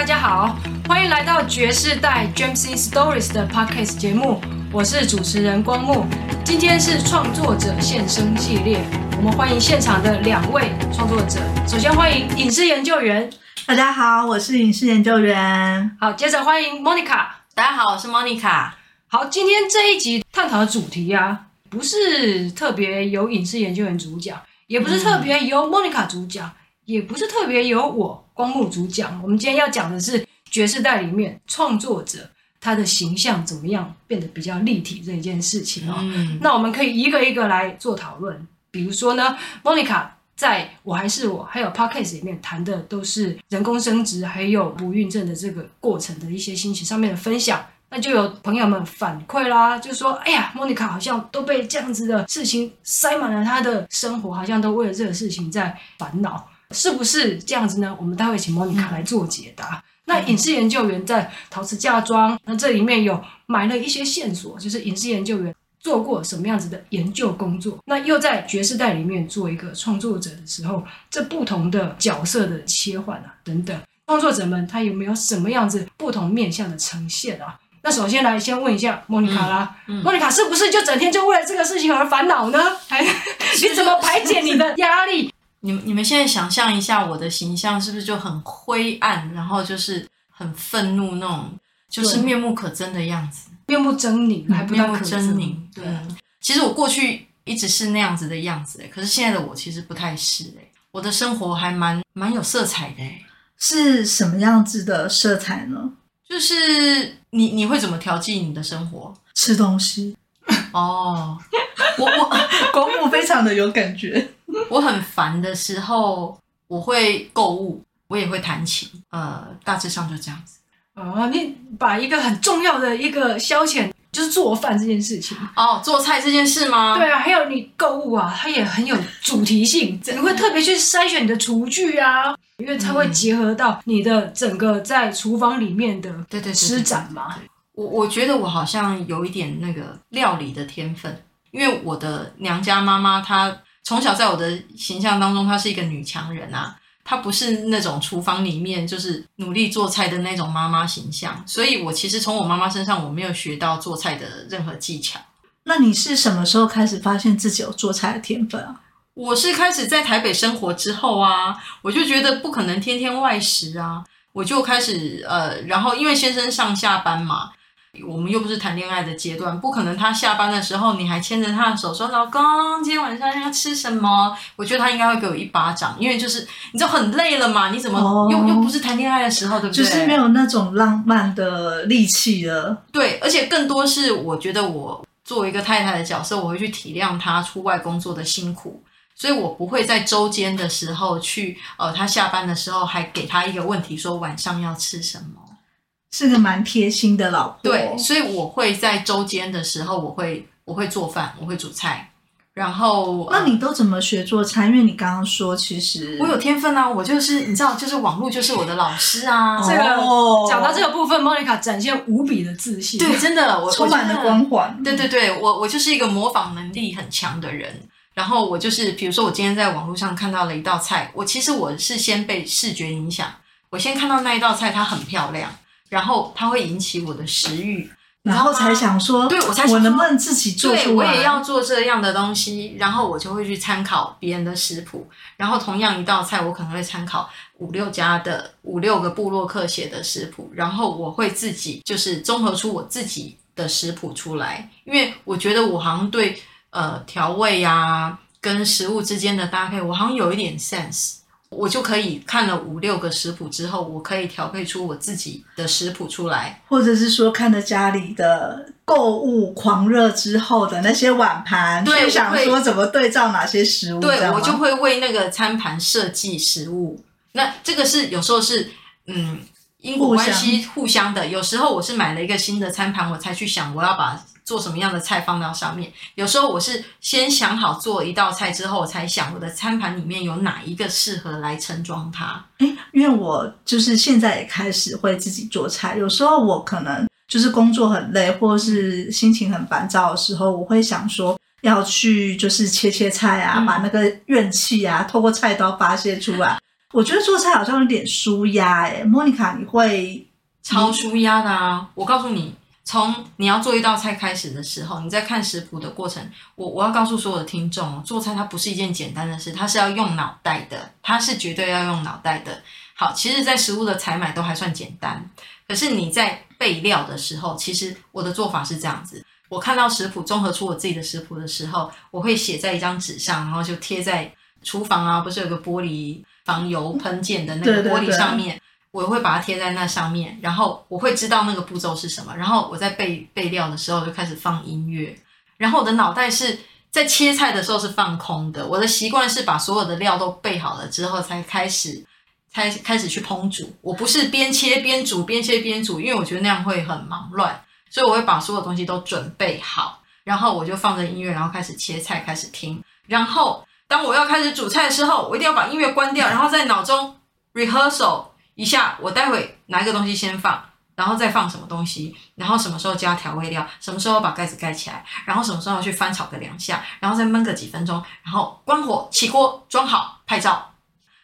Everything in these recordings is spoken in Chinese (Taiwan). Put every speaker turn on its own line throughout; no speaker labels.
大家好，歡迎來到覺世代 Gems in Stories 的 Podcast 節目，我是主持人光目。今天是創作者現聲系列，我們歡迎現場的兩位創作者。首先歡迎隱世研究員。大家好，我是隱世研究員。好，接着歡迎 Monica。大家好，我是 Monica。好，今天這一集探討的主題呀、啊，不是特別由隱世研究員主講，也不是特別由 Monica 主講，也不是特別由我。光目主講，我們今天要講的是覺世代裡面創作者他的形象怎麼樣變得比較立體這一件事情啊、哦。嗯、那我們可以一個一個來做討論。比如說呢、嗯、，Monica 在我還是我還有 Podcast 裡面談的都是人工生殖還有不孕症的這個過程的一些心情上面的分享，那就有朋友們反饋啦，就說：“哎呀，Monica 好像都被這樣子的事情塞滿了她的生活，好像都為了這個事情在煩惱。”是不是這樣子呢？我們待會請 Monica 來做解答。嗯、那隱世研究員在陶瓷嫁妝，那這裡面有埋了一些線索，就是隱世研究員做過什麼樣子的研究工作？那又在覺世代裡面做一個創作者的時候，這不同的角色的切換啊，等等，創作者們他有沒有什麼樣子不同面向的呈現啊？那首先來先問一下 Monica 啦，Monica 是不是就整天就為了這個事情而煩惱呢？嗯嗯、
你怎麼排解你的壓力？你們你們現在想象一下我的形象，是不是就很灰暗？然後就是很憤怒那種，就是面目可憎的樣子，
面目猙獰，還面目猙獰。
對，其實我過去一直是那樣子的樣子，哎，可是現在的我其實不太是，哎，我的生活還蠻蠻有色彩的，哎，
是什麼樣子的色彩呢？
就是你你會怎麼調劑你的生活？
吃東西。
哦，我我購物非常的有感覺。我很煩的時候，我會購物，我也會彈琴，呃，大致上就這樣
子。哦，你把一個很重要的一個消遣，就是做飯這件事情。哦，做菜這件事嗎？對啊，還有你購物啊，它也很有主題性，你會特別去篩選你的廚具啊，因為它會結合到你的整個在廚房裡面的，對對，施展嘛。我我覺得我
好像有一點那個料理的天分，因為我的娘家媽媽她從小在我的形象當中，她是一個女強人啊，她不是那種廚房裡面就是努力做菜的那種媽媽形象，所以我其實從我媽媽身上我沒有學到做菜的任何技巧。
那你是什麼時候開始發現自己有做菜的天分啊？
我是開始在台北生活之後啊，我就覺得不可能天天外食啊，我就開始呃，然後因為先生上下班嘛。我們又不是談戀愛的階段，不可能他下班的時候你還牽着他的手說：“老公，今天晚上要吃什麼？”我覺得他應該會給我一巴掌，因為就是你就很累了嘛，你怎麼又、oh, 又不是談戀愛的時候，對不對？就是沒有
那種浪漫的力氣了。
對，而且更多是我覺得我作為一個太太的角色，我會去體諒他出外工作的辛苦，所以我不會在周間的時候去，呃，他下班的時候還給他一個問題說晚上要吃什麼。是個蠻貼心的老婆，對，所以我會在週間的時候，我會我會做飯，我會煮菜，然後那你
都怎麼學做菜？因為你剛剛說，其實
我有天分啊，我就是你知道，就是網絡就是我的老師啊。哦，這個講到這個部分，Monica 展現無比的自信，對，真的，我充滿了光
環。對對
對，我我就是一個模仿能力很強的人。然後我就是，比如說我今天在網絡上看到了一道菜，我其實我是先被視覺影響，我先看到那一道菜，它很漂亮。然後它會引起我的食欲，然後
才想說，啊、對我才我能不能自己做。對，我也要
做這樣的東西，然後我就會去參考別人的食譜，然後同樣一道菜，我可能會參考五六家的五六個部落客寫的食譜，然後我會自己就是綜合出我自己的食譜出來，因為我覺得我好像對呃調味呀、啊、跟食物之間的搭配，我好像有一點 sense。我就可以看了五六個食譜之後，我可以調配出我自己的食譜出來，
或者是說看着家裡的購物狂熱之後的那些碗盤，對，就想說怎麼對照哪些食物。對，我就
會為那個餐盤設計食物。那這個是有時候是嗯因果關係互相的。互相，有時候我是買了一個新的餐盤，我才去想我要把。做什麼樣的菜放到上面？有時候我是先想好做一道菜之後，我才想我的餐盤裡面有哪一個適合來盛裝它。
誒，因為我就是現在也開始會自己做菜。有時候我可能就是工作很累，或者是心情很煩躁的時候，我會想說要去就是切切菜啊，嗯、把那個怨氣啊透過菜刀發泄出來。嗯、我覺得做菜好像有點舒壓、欸。誒，莫妮卡，你會超舒壓的啊！
你，我告訴你。
從你要
做一道菜開始的時候，你在看食譜的過程，我我要告訴所有的聽眾，做菜它不是一件簡單的事，它是要用腦袋的，它是絕對要用腦袋的。好，其實，在食物的採買都還算簡單，可是你在備料的時候，其實我的做法是這樣子：我看到食譜，綜合出我自己的食譜的時候，我會寫在一張紙上，然後就貼在廚房啊，不是有個玻璃防油噴濺的那個玻璃上面。對對對。我會把它貼在那上面，然後我會知道那個步驟是什麼。然後我在備備料的時候就開始放音樂，然後我的腦袋是在切菜的時候是放空的。我的習慣是把所有的料都備好了之後才開始才開始去烹煮。我不是邊切邊煮，邊切邊煮，因為我覺得那樣會很忙亂，所以我會把所有東西都準備好，然後我就放着音樂，然後開始切菜，開始聽。然後當我要開始煮菜的時候，我一定要把音樂關掉，然後在腦中 rehearsal。一下，我待會拿一個東西先放，然後再放什麼東西，然後什麼時候加調味料，什麼時候把蓋子蓋起來，然後什麼時候去翻炒個兩下，然後再燜個幾分鐘，然後關火，起鍋，裝好，拍照，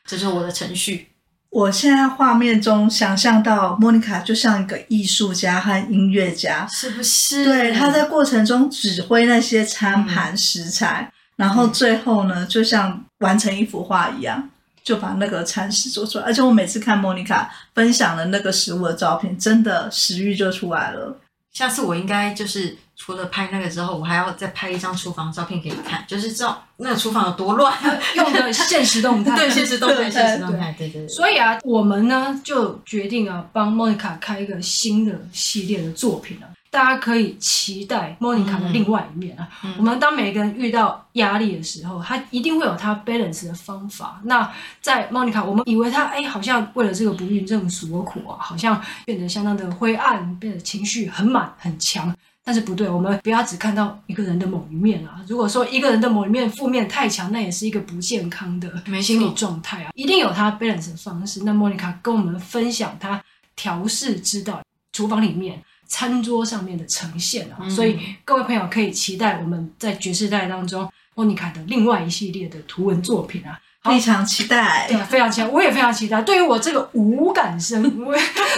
這是我的程序。
我現在畫面中想象到 Monica 就像一個藝術家和音樂家，是不是？對，她在過程中指揮那些餐盤食材，嗯。然後最後呢，就像完成一幅畫一樣。就把那個餐食做出來，而且我每次看莫妮卡分享的那個食物的照片，真的食慾就出來了。下次我應該
就是除了拍那個之後，我還要再拍一張廚房的照片給你看，就是照那個廚房有
多亂， 用的限時動態， 對限時動態，限時對動態，對對。對對對，所以啊，我們呢就決定啊，幫莫妮卡開一個新的系列的作品了。大家可以期待 Monica 的另外一面啊！嗯、我們當每一個人遇到壓力的時候，他一定會有他 balance 的方法。那在 Monica，我們以為他哎、欸，好像為了這個不孕症所苦啊，好像變得相當的灰暗，變得情緒很滿很強。但是不對，我們不要只看到一個人的某一面啊！如果說一個人的某一面負面太強，那也是一個不健康的心理狀態啊！沒錯，一定有他 balance 的方式。那 Monica 跟我們分享他調適之道，廚房裡面，餐桌上面的呈現啊，嗯、所以各位朋友可以期待我們在覺世代當中 Monica 的另外一系列的圖文作品啊，非常期待，對、啊，非常期待。我也非常期待。 對於我這個無感生物，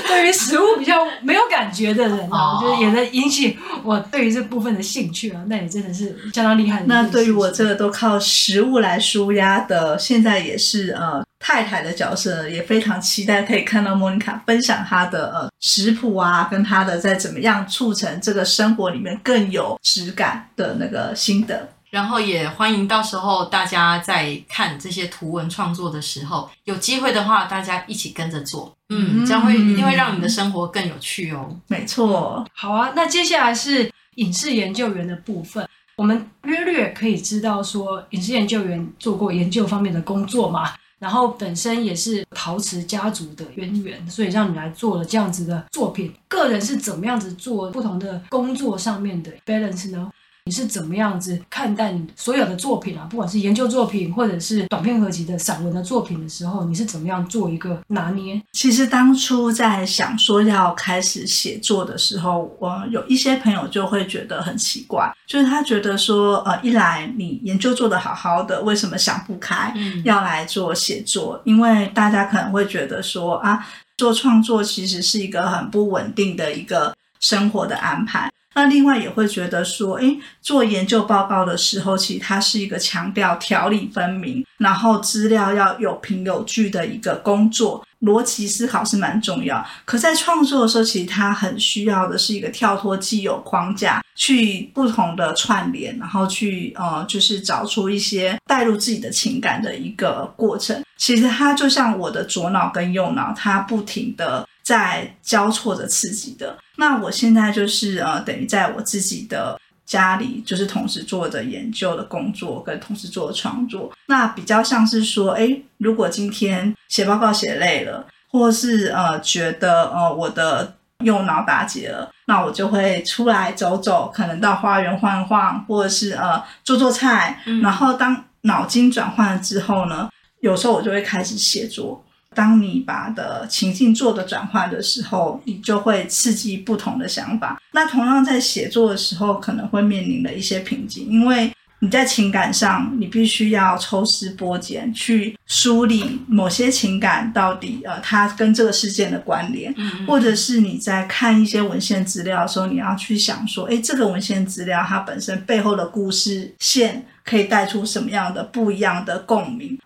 對於食物比較沒有感覺的人啊，就是也能引起我對於這部分的興趣啊。那也真的是相當厲害。那
對於我這個都靠食物來紓壓的，現在也是呃、啊。太太的角色也非常期待可以看到莫妮卡分享她的呃食譜啊，跟她的在怎麼樣促成這個生活裡面更有質感的那個心得。
然後也歡迎到時候大家在看這些圖文創作的時候，有機會的話，大家一起跟着做，
嗯，這樣會一定會讓你的
生活更有趣哦。嗯嗯嗯、沒錯，好啊。那接下來是隱世研究員的部分，我們約略，略可以知道說，隱世研究員做過研究方面的工作嘛，然後本身也是陶瓷家族的淵源，源，所以讓你來做了這樣子的作品。個人是怎麼樣子做不同的工作上面的 balance 呢？你是怎麼樣子看待你所有的作品啊？不管是研究作
品，或者是短篇合集的散文的作品的時候，你是怎麼樣做一個拿捏？其實當初在想說要開始寫作的時候，我有一些朋友就會覺得很奇怪，就是他覺得說，呃，一來你研究做得好好的，為什麼想不開要來做寫作？因為大家可能會覺得說，啊，做創作其實是一個很不穩定的一個生活的安排。那另外也會覺得說，欸，做研究報告的時候，其實它是一個強調條理分明，然後資料要有憑有據的一個工作，邏輯思考是蠻重要，可在創作的時候，其實它很需要的是一個跳脫既有框架，去不同的串聯，然後去呃，就是找出一些帶入自己的情感的一個過程。其實它就像我的左腦跟右腦，它不停的，在交錯着刺激的，那我現在就是呃，等於在我自己的家裡，就是同時做着研究的工作跟同時做著創作。那比較像是說，哎，如果今天寫報告寫累了，或是呃覺得呃我的右腦打結了，那我就會出來走走，可能到花園晃晃，或者是呃做做菜。嗯、然後當腦筋轉換了之後呢，有時候我就會開始寫作。當你把的情境做的轉換的時候，你就會刺激不同的想法。那同樣在寫作的時候，可能會面臨的一些瓶頸，因為你在情感上，你必須要抽絲剝繭去梳理某些情感到底，呃，它跟這個事件的關聯，嗯、或者是你在看一些文獻資料的時候，你要去想說，哎，這個文獻資料它本身背後的故事線可以帶出什麼樣的不一樣的共鳴。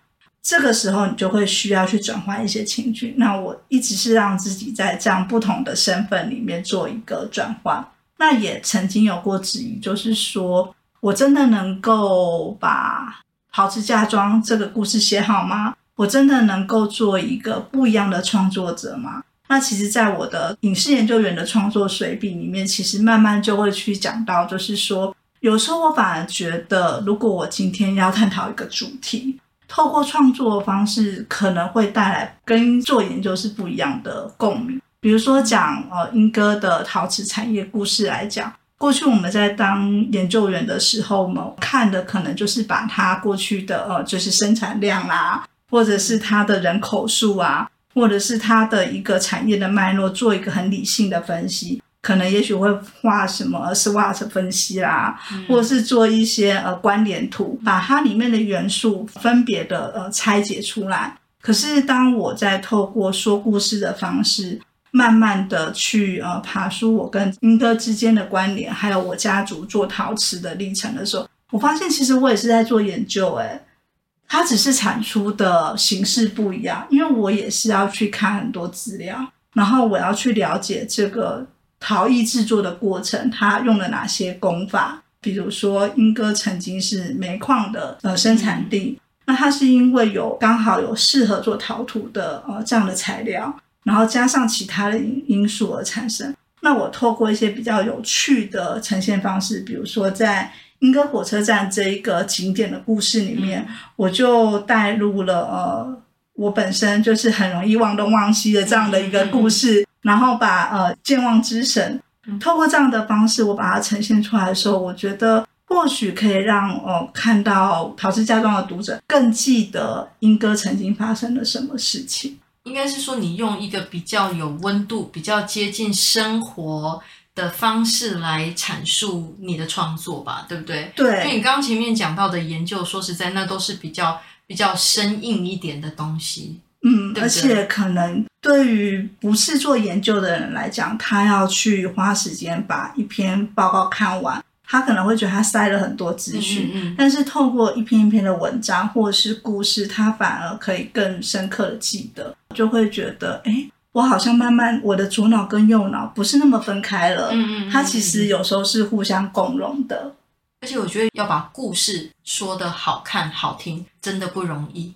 這個時候，你就會需要去轉換一些情緒。那我一直是讓自己在這樣不同的身份裡面做一個轉換。那也曾經有過質疑，就是說我真的能夠把《陶瓷嫁妝》這個故事寫好嗎？我真的能夠做一個不一樣的創作者嗎？那其實，在我的隱世研究員的創作水平裡面，其實慢慢就會去講到，就是說，有時候我反而覺得，如果我今天要探討一個主題，透過創作的方式，可能會帶來跟做研究是不一樣的共鳴。比如說講呃鶯歌的陶瓷產業故事來講，過去我們在當研究員的時候嘛，看的可能就是把他過去的呃就是生產量啦、啊，或者是它的人口數啊，或者是它的一個產業的脈絡，做一個很理性的分析。可能也許會畫什麼 SWOT 分析啦、啊，或者是做一些呃關聯圖，把它裡面的元素分別的呃拆解出來。可是當我在透過說故事的方式，慢慢的去呃爬出我跟英哥之間的關聯，還有我家族做陶瓷的歷程的時候，我發現其實我也是在做研究、欸，誒。它只是產出的形式不一樣，因為我也是要去看很多資料，然後我要去了解這個。陶藝製作的過程，它用了哪些工法？比如說，鶯歌曾經是煤礦的呃生產地，那它是因為有剛好有適合做陶土的呃這樣的材料，然後加上其他的因，因素而產生。那我透過一些比較有趣的呈現方式，比如說在鶯歌火車站這一個景點的故事裡面，我就帶入了呃我本身就是很容易忘東忘西的這樣的一個故事。然後把呃健忘之神，透過這樣的方式，我把它呈現出來的時候，我覺得或許可以讓哦、呃、看到陶瓷嫁妝的讀者更記得鶯歌曾經發生了什麼事情。
應該是說，你用一個比較有溫度、比較接近生活的方式來闡述你的創作吧，對不對？對。因為你剛剛前面講到的研究，說實在，那都是比較比較生硬一點的東西。
嗯，對對，而且可能對於不是做研究的人來講，他要去花時間把一篇報告看完，他可能會覺得他塞了很多資訊，嗯嗯嗯，但是透過一篇一篇的文章或者是故事，他反而可以更深刻的記得，就會覺得，哎，我好像慢慢我的左腦跟右腦不是那麼分開了，嗯嗯嗯嗯嗯，他其實有時候是互相共融的。
而且我覺得要把故事說得好看好聽，真的不容易。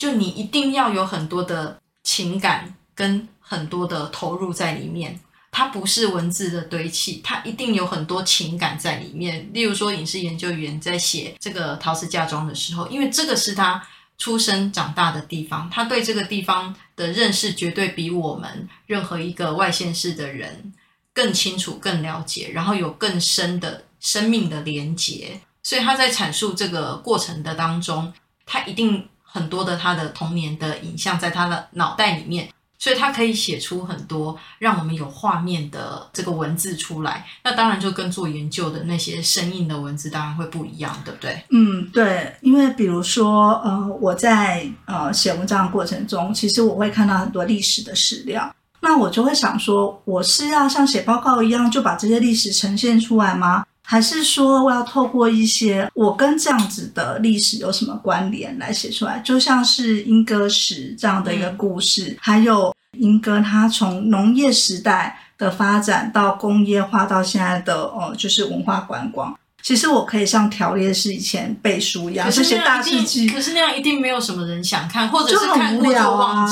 就你一定要有很多的情感跟很多的投入在裡面，它不是文字的堆砌，它一定有很多情感在裡面。例如說，隱世研究員在寫這個陶瓷嫁妝的時候，因為這個是他出生長大的地方，他對這個地方的認識絕對比我們任何一個外縣市的人更清楚，更了解，然後有更深的生命的連結。所以他在闡述這個過程的當中，他一定。很多的他的童年的影像在他的腦袋裡面，所以他可以寫出很多讓我們有畫面的這個文字出來。那當然就跟做研究的那些生硬的文字當然會不一樣，對不對？
嗯，對，因為比如說，呃，我在呃寫文章的過程中，其實我會看到很多歷史的史料，那我就會想說，我是要像寫報告一樣就把這些歷史呈現出來嗎？還是說，我要透過一些我跟這樣子的歷史有什麼關聯來寫出來，就像是鶯歌史這樣的一個故事，嗯、還有鶯歌它從農業時代的發展到工業化到現在的呃、嗯，就是文化觀光。其實我可以像條列式以前背書一樣，可
是那些大事，可是那樣一定沒有什麼人想看，或者是
就很無聊啊。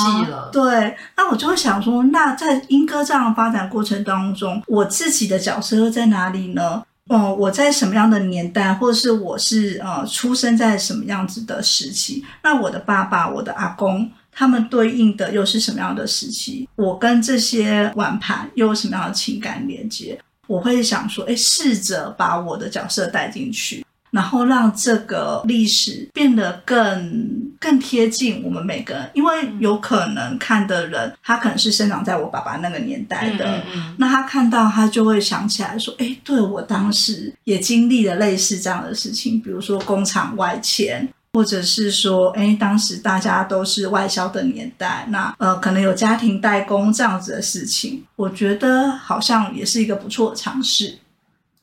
對，那我就會想說，那在鶯歌這樣的發展過程當中，我自己的角色又在哪裡呢？哦，我在什麼樣的年代，或者是我是呃出生在什麼樣子的時期？那我的爸爸、我的阿公，他們對應的又是什麼樣的時期？我跟這些碗盤又有什麼樣的情感連接？我會想說，哎，試着把我的角色帶進去。然後讓這個歷史變得更更貼近我們每個人，因為有可能看的人，他可能是生長在我爸爸那個年代的，嗯嗯嗯，那他看到他就會想起來說：“哎，對，我當時也經歷了類似這樣的事情，比如說工廠外遷，或者是說，哎，當時大家都是外銷的年代，那呃，可能有家庭代工這樣子的事情，我覺得好像也是一個不錯的嘗試。”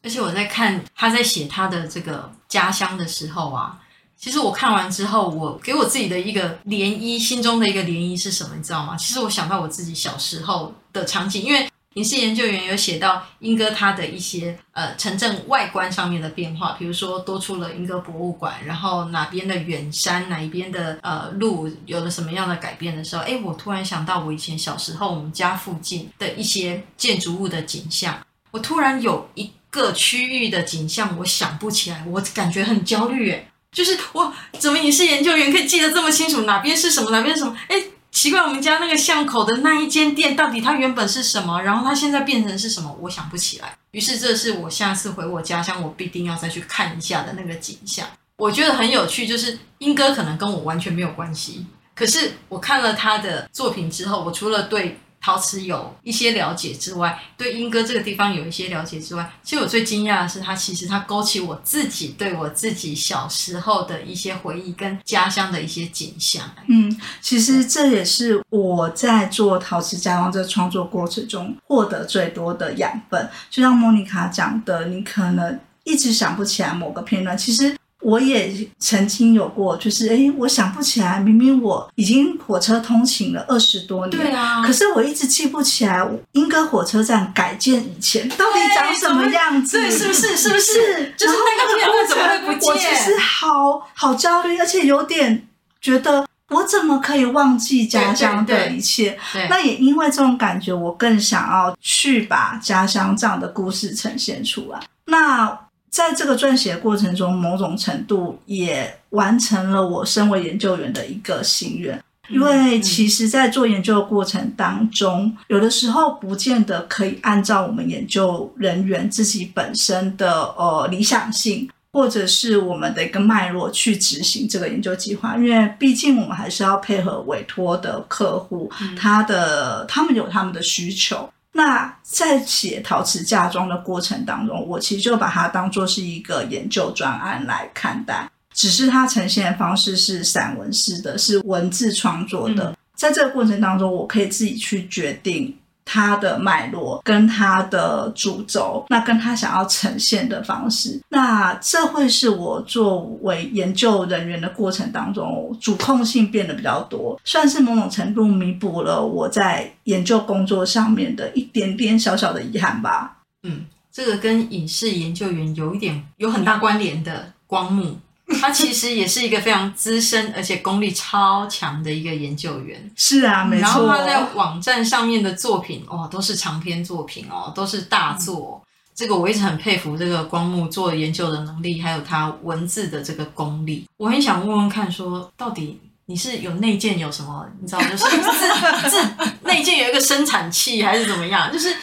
而且我在看他在寫他的這個家鄉的時候啊，其實我看完之後，我給我自己的一個漣漪，心中的一個漣漪是什麼？你知道嗎？其實我想到我自己小時候的場景，因為隱世研究員有寫到鶯歌他的一些呃城鎮外觀上面的變化，比如說多出了鶯歌博物館，然後哪邊的遠山，哪一邊的呃路有了什麼樣的改變的時候，哎，我突然想到我以前小時候我們家附近的一些建築物的景象，我突然有一。各區域的景象，我想不起來，我感覺很焦慮誒，就是我怎麼隱世研究員，可以記得這麼清楚，哪邊是什麼，哪邊是什麼。哎，奇怪，我們家那個巷口的那一間店，到底它原本是什麼，然後它現在變成是什麼，我想不起來。於是，這是我下次回我家鄉，我必定要再去看一下的那個景象。我覺得很有趣，就是英哥可能跟我完全沒有關係，可是我看了他的作品之後，我除了對。陶瓷有一些了解之外，對鶯歌這個地方有一些了解之外，其實我最驚訝的是，它其實它勾起我自己對我自己小時候的一些回憶，跟家
鄉的一些景象。嗯，其實這也是我在做陶瓷嫁妝這個創作過程中獲得最多的養分。就像莫妮卡講的，你可能一直想不起來某個片段，其實。我也曾經有過，就是哎，我想不起來，明明我已經火車通勤了二十多年，對啊，可是我一直記不起來，我鶯歌火車站改建以前到底長什麼樣子，對對，對，是不是，是不是？就是那個過程，我其實好好焦慮，而且有點覺得我怎麼可以忘記家鄉的一切？對對對，那也因為這種感覺，我更想要去把家鄉這樣的故事呈現出來。嗯、那。在這個撰寫過程中，某種程度也完成了我身為研究員的一個心願，因為其實，在做研究的過程當中，有的時候不見得可以按照我們研究人員自己本身的呃理想性，或者是我們的一個脈絡去執行這個研究計劃，因為畢竟我們還是要配合委託的客戶，他的他們有他們的需求。那在寫陶瓷嫁妝的過程當中，我其實就把它當做是一個研究專案來看待，只是它呈現的方式是散文式的，是文字創作的。嗯、在這個過程當中，我可以自己去決定。它的脈絡跟它的主軸，那跟他想要呈現的方式，那這會是我作為研究人員的過程當中，主控性變得比較多，算是某種程度彌補了我在研究工作上面的一點點小小的遺憾吧。
嗯，這個跟隱世研究員有一點有很大關聯的光目。他其實也是一個非常資深，而且功力超強的一個研究員。是
啊，沒錯。哦。然後他在
網站上面的作品，哦，都是長篇作品哦，都是大作。嗯、這個我一直很佩服這個光目做研究的能力，還有他文字的這個功力。我很想問問看，說到底你是有內建有什麼？你知道就是 是，是內建有一個生產器還是怎麼樣？就是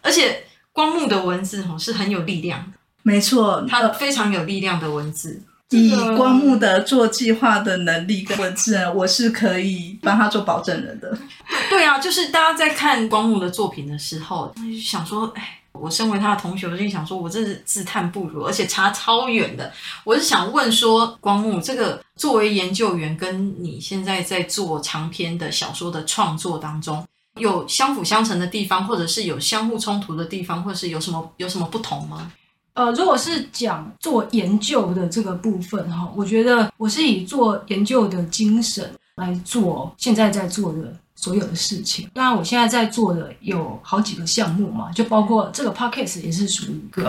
而且光目的文字是很有力量。
沒錯，他的非常有力量的文字。以光目的做計劃的能力跟文字，我是可以幫他做保證人的。
對啊，就是大家在看光目的作品的時候，想說：“哎，我身為他的同學，我就想說，我真是自嘆不如，而且差超遠的。”我是想問說光，光目這個作為研究員，跟你現在在做長篇的小說的創作當中，有相輔相成的地方，或者是有相互衝突的地方，或者是有什麼有什麼不同嗎？
呃，如果是講做研究的這個部分哈，我覺得我是以做研究的精神來做現在在做的所有的事情。那我現在在做的有好幾個項目嘛，就包括這個 Podcast 也是屬於一個。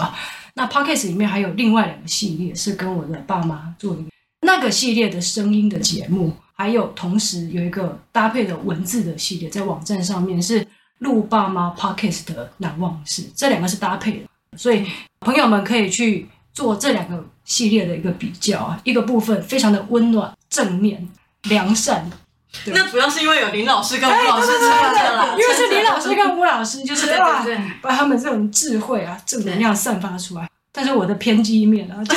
那 Podcast 裡面還有另外兩個系列是跟我的爸媽做的那個系列的聲音的節目，還有同時有一個搭配的文字的系列，在網站上面是錄爸媽 Podcast 的難忘事，這兩個是搭配的。所以朋友們可以去做這兩個系列的一個比較啊，一個部分非常的溫暖、正面、良善。
那主要是因為有林老師跟吳老師，因為是林老師跟吳
老師，就是對對對對把他們這種智慧啊、正能量散發出來。對但是我的偏激一面啊。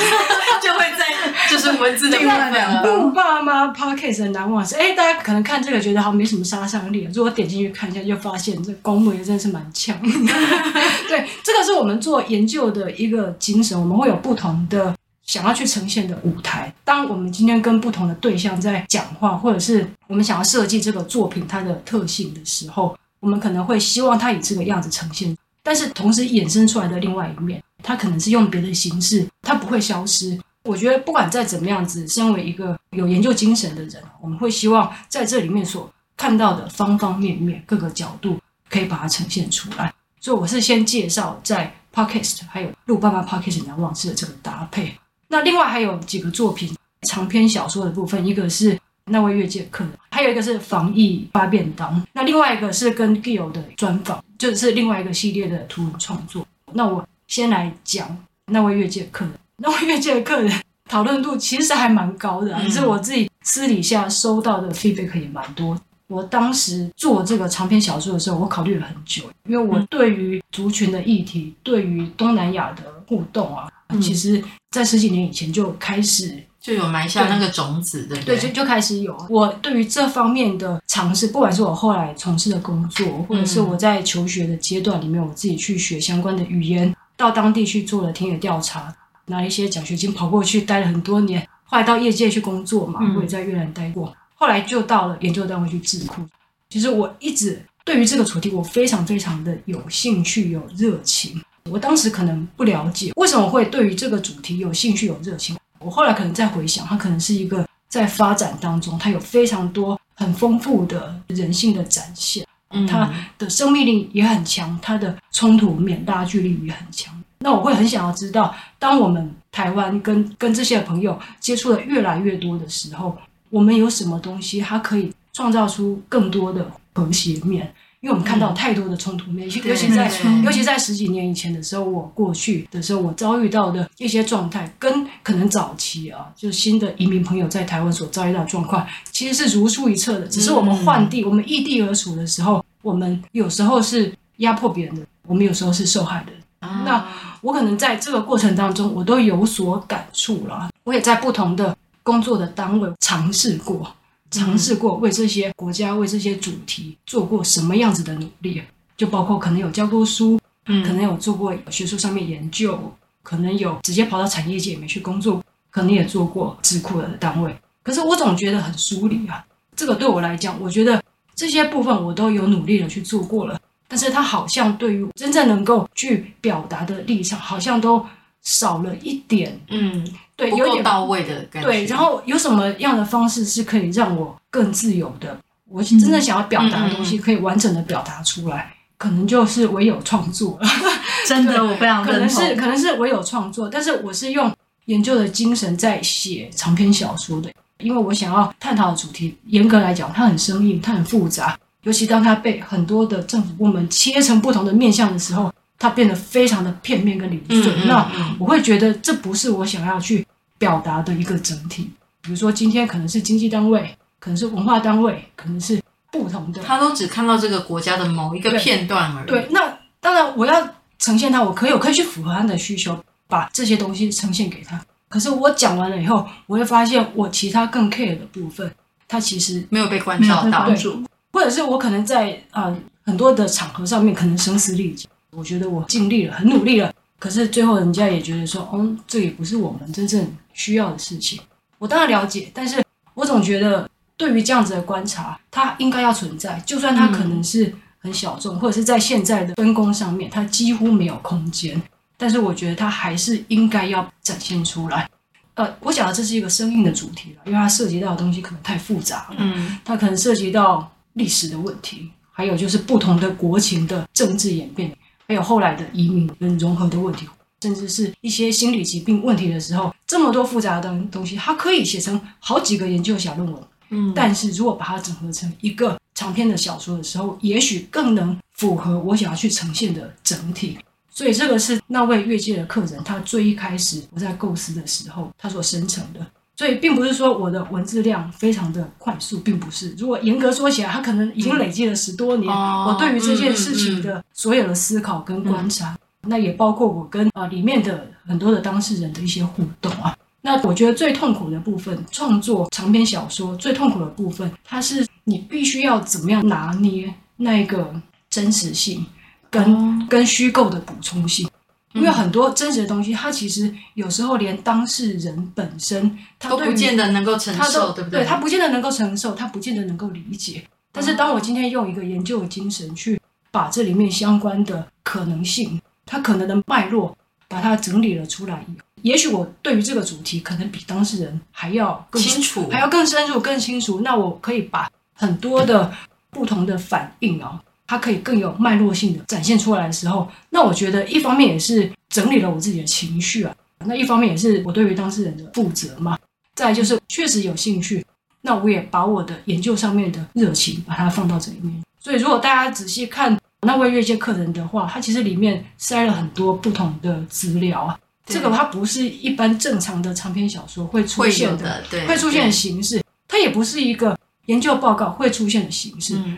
就是文字的己的兩部媽媽 Podcast 很難忘，是、欸、哎，大家可能看這個覺得好像沒什麼殺傷力，如果點進去看一下，就發現這公母也真的是蠻強。 對，這個是我們做研究的一個精神，我們會有不同的想要去呈現的舞台。當我們今天跟不同的對象在講話，或者是我們想要設計這個作品它的特性的時候，我們可能會希望它以這個樣子呈現，但是同時衍生出來的另外一面，它可能是用別的形式，它不會消失。我覺得不管再怎麼樣子，身為一個有研究精神的人，我們會希望在這裡面所看到的方方面面、各個角度，可以把它呈現出來。所以我是先介紹在 Podcast 還有錄爸爸 Podcast 兩網誌的這個搭配。那另外還有幾個作品，長篇小說的部分，一個是那位越界客人，還有一個是防疫發便當。那另外一個是跟 Gill 的專訪，就是另外一個系列的圖文創作。那我先來講那位越界客人。那位越界的客人討論度其實還蠻高的、啊，嗯、只是我自己私底下收到的 feedback 也蠻多。我當時做這個長篇小說的時候，我考慮了很久，因為我對於族群的議題，嗯、對於東南亞的互動啊，其實在十幾年以前就開始就有埋下那個
種子的，對，就就
開始有。我對於這方面的嘗試，不管是我後來從事的工作，或者是我在求學的階段裡面，我自己去學相關的語言，到當地去做了田野調查。拿一些獎學金跑過去待了很多年，後來到業界去工作嘛，我也在越南待過，嗯、後來就到了研究單位去智庫。其實我一直對於這個主題，我非常非常的有興趣有熱情。我當時可能不了解為什麼會對於這個主題有興趣有熱情，我後來可能再回想，它可能是一個在發展當中，它有非常多很豐富的人性的展現，嗯、它的生命力也很強，它的衝突免大距離也很強。那我會很想要知道，當我們台灣跟跟這些朋友接觸的越來越多的時候，我們有什麼東西，它可以創造出更多的和諧面？因為我們看到太多的衝突面，對尤其在尤其在十幾年以前的時候，我過去的時候，我遭遇到的一些狀態，跟可能早期啊，就是新的移民朋友在台灣所遭遇到的狀況，其實是如出一轍的。只是我們換地，嗯、我們異地而處的時候，我們有時候是壓迫別人的，我們有時候是受害的。那我可能在這個過程當中，我都有所感觸了。我也在不同的工作的單位嘗試過，嘗試過為這些國家、為這些主題做過什麼樣子的努力，就包括可能有教過書，嗯，可能有做過學術上面研究，可能有直接跑到產業界裡面去工作，可能也做過智庫的單位。可是我總覺得很疏離啊。這個對我來講，我覺得這些部分我都有努力的去做過了。但是他好像對於我真正能夠去表達的立場，好像都少了一點。嗯，對，
有點到位的感覺。對。
對，然後有什麼樣的方式是可以讓我更自由的？嗯、我真正想要表達的東西可以完整的表達出來，嗯嗯嗯，可能就是唯有創作。真的， 對我非常認同。可能是可能是唯有創作，但是我是用研究的精神在寫長篇小說的，因為我想要探討的主題，嚴格來講，它很生硬，它很複雜。尤其當他被很多的政府部門切成不同的面向的時候，他變得非常的片面跟零碎。嗯嗯嗯、那我會覺得這不是我想要去表達的一個整體。比如說今天可能是經濟單位，可能是文化單位，可能是不同的。他
都只看到這個國家的某一個片
段而已。對，對，那當然我要呈現他，我可以我可以去符合他的需求，把這些東西呈現給他。可是我講完了以後，我會發現我其他更 care 的部分，他其實沒有被關照到。對。或者是我可能在啊、呃、很多的場合上面可能聲嘶力竭，我覺得我盡力了，很努力了，可是最後人家也覺得說，嗯、哦，這也不是我們真正需要的事情。我當然了解，但是我總覺得對於這樣子的觀察，它應該要存在，就算它可能是很小眾，嗯、或者是在現在的分工上面，它幾乎沒有空間，但是我覺得它還是應該要展現出來。呃，我講的這是一個生硬的主題了，因為它涉及到的東西可能太複雜了，嗯，它可能涉及到。歷史的問題，還有就是不同的國情的政治演變，還有後來的移民跟融合的問題，甚至是一些心理疾病問題的時候，這麼多複雜的東西，它可以寫成好幾個研究小論文。嗯，但是如果把它整合成一個長篇的小說的時候，也許更能符合我想要去呈現的整體。所以，這個是那位越界的客人他最一開始我在構思的時候，他所生成的。所以並不是說我的文字量非常的快速，並不是。如果嚴格說起來，它可能已經累積了十多年。嗯哦、我對於這件事情的所有的思考跟觀察，嗯嗯、那也包括我跟呃裡面的很多的當事人的一些互動啊。那我覺得最痛苦的部分，創作長篇小說最痛苦的部分，它是你必須要怎麼樣拿捏那一個真實性跟、嗯、跟虛構的補充性。因為很多真實的東西，它其實有時候連當事人本身它都不見得能夠承受，對不對？對，他不見得能夠承受，他不見得能夠理解。但是當我今天用一個研究的精神去把這裡面相關的可能性，它可能的脈絡，把它整理了出來以後，也許我對於這個主題可能比當事人還要更清楚，還要更深入、更清楚。那我可以把很多的不同的反應啊、哦。它可以更有脈絡性的展現出來的時候，那我覺得一方面也是整理了我自己的情緒啊，那一方面也是我對於當事人的負責嘛。再來就是確實有興趣，那我也把我的研究上面的熱情把它放到這裡面。所以如果大家仔細看那位越界客人的話，它其實裡面塞了很多不同的資料啊。對這個它不是一般正常的長篇小說會出現的，的對，對，會出現的形式。它也不是一個研究報告會出現的形式。嗯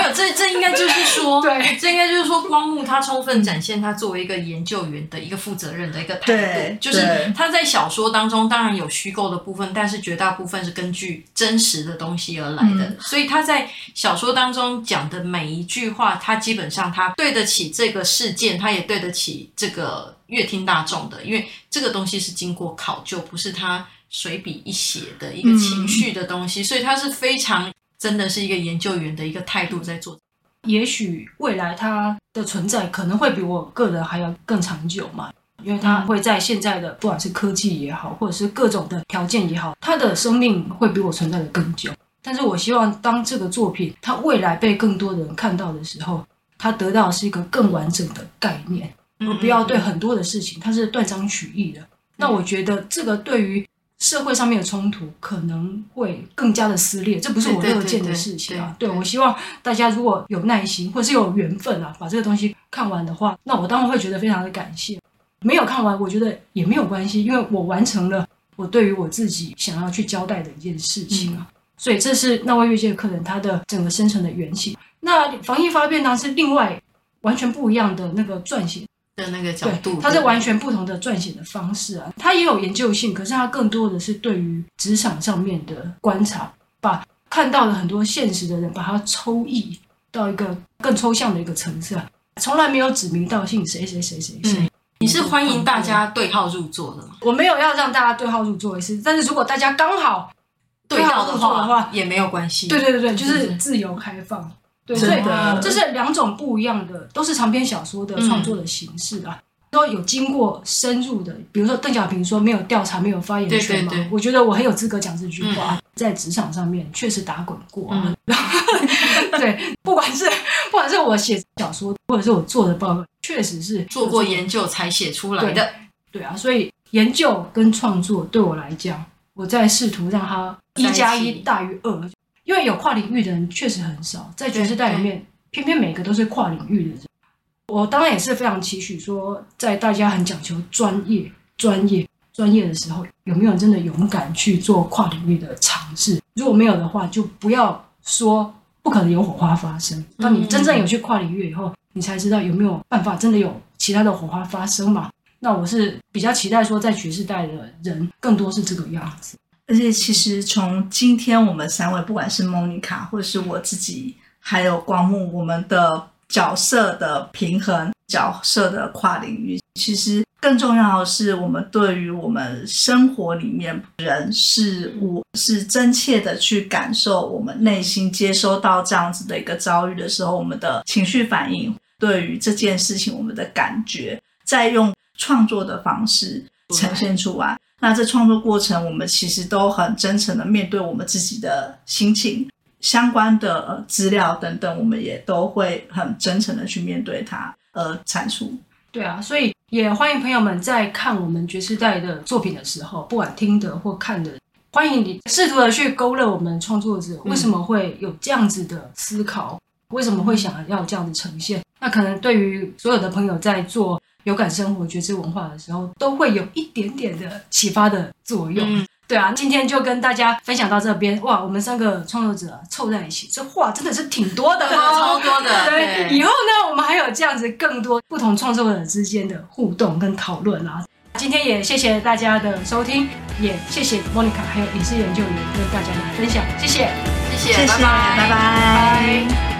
沒有，這這應該就是說，對，
這應該就是說， 對是說光目他充分展現他作為一個研究員的一個負責任的一個態度，對就是他在小說當中當然有虛構的部分，但是絕大部分是根據真實的東西而來的，嗯、所以他在小說當中講的每一句話，他基本上他對得起這個事件，他也對得起這個閱聽大眾的，因為這個東西是經過考究，不是他隨筆一寫的一個情緒的東西，嗯、所以他是非常。真的是一個研究員的一個態度
在做，也許未來它的存在可能會比我個人還要更長久嘛，因為它會在現在的不管是科技也好，或者是各種的條件也好，它的生命會比我存在的更久。但是我希望當這個作品它未來被更多的人看到的時候，它得到是一個更完整的概念，我不要對很多的事情它是斷章取義的。那我覺得這個對於。社會上面的衝突可能會更加的撕裂，這不是我樂見的事情啊。對，我希望大家如果有耐心或是有緣分啊，把這個東西看完的話，那我當然會覺得非常的感謝。沒有看完，我覺得也沒有關係，因為我完成了我對於我自己想要去交代的一件事情啊。嗯、所以這是那位越界客人他的整個深層的原型。那防疫發便當呢，是另外完全不一樣的那個撰寫的那個角度，它是完全不同的撰寫的方式啊，它對也有研究性，可是它更多的是對於職場上面的觀察，把看到了很多現實的人，把它抽繹到一個更抽象的一個層次，啊，從來沒有指名道姓誰誰誰誰誰，
嗯。你是歡迎大家對
號入座的嗎？我沒有要讓大家對號入座的意思，但是如果大家剛好對號入座
的話，對也沒有關係。對對對對，就是
自由開放。嗯嗯
對的、啊，這是
兩種不一樣的，都是長篇小說的創作的形式啊。嗯、都有經過深入的，比如說鄧小平說沒有調查沒有發言權嘛，對對對我覺得我很有資格講這句話，嗯、在職場上面確實打滾過、啊。嗯、 對，不管是不管是我寫小說，或者是我做的報告，確實是做,做過研究才寫出來的對。對啊，所以研究跟創作對我來講，我在試圖讓它一加一大於二。因為有跨領域的人確實很少，在覺世代裡面，偏偏每個都是跨領域的人。我當然也是非常期許說，在大家很講求專業、專業、專業的時候，有沒有真的勇敢去做跨領域的嘗試？如果沒有的話，就不要說不可能有火花發生。當你真正有去跨領域以後，嗯、你才知道有沒有辦法真的有其他的火花發
生嘛？那我是比較期待說，在覺世代的人更多是這個樣子。而且，其實從今天我們三位，不管是莫妮卡或者是我自己，還有光目，我們的角色的平衡、角色的跨領域，其實更重要的是，我們對於我們生活裡面人事物，是真切的去感受，我們內心接收到這樣子的一個遭遇的時候，我們的情緒反應，對於這件事情我們的感覺，再用創作的方式呈現出來。那這創作過程，我們其實都很真誠的面對我們自己的心情、相關的資料等等，我們也都會很真誠的去面對它，呃，產出。
對啊，所以也歡迎朋友們在看我們覺世代的作品的時候，不管聽的或看的，歡迎你試圖的去勾勒我們創作者為什麼會有這樣子的思考，嗯、為什麼會想要這樣的呈現。那可能對於所有的朋友在做。有感生活覺知文化的時候，都會有一點點的啟發的作用。嗯、對啊，今天就跟大家分享到這邊哇，我們三個創作者、啊、湊在一起，這話真的是挺多的、哦，超多的。對，對，以後呢，我們還有這樣子更多不同創作者之間的互動跟討論啊。今天也謝謝大家的收聽，也謝謝 Monica 還有隱世研究員跟大家的分享，謝謝，謝謝，拜拜。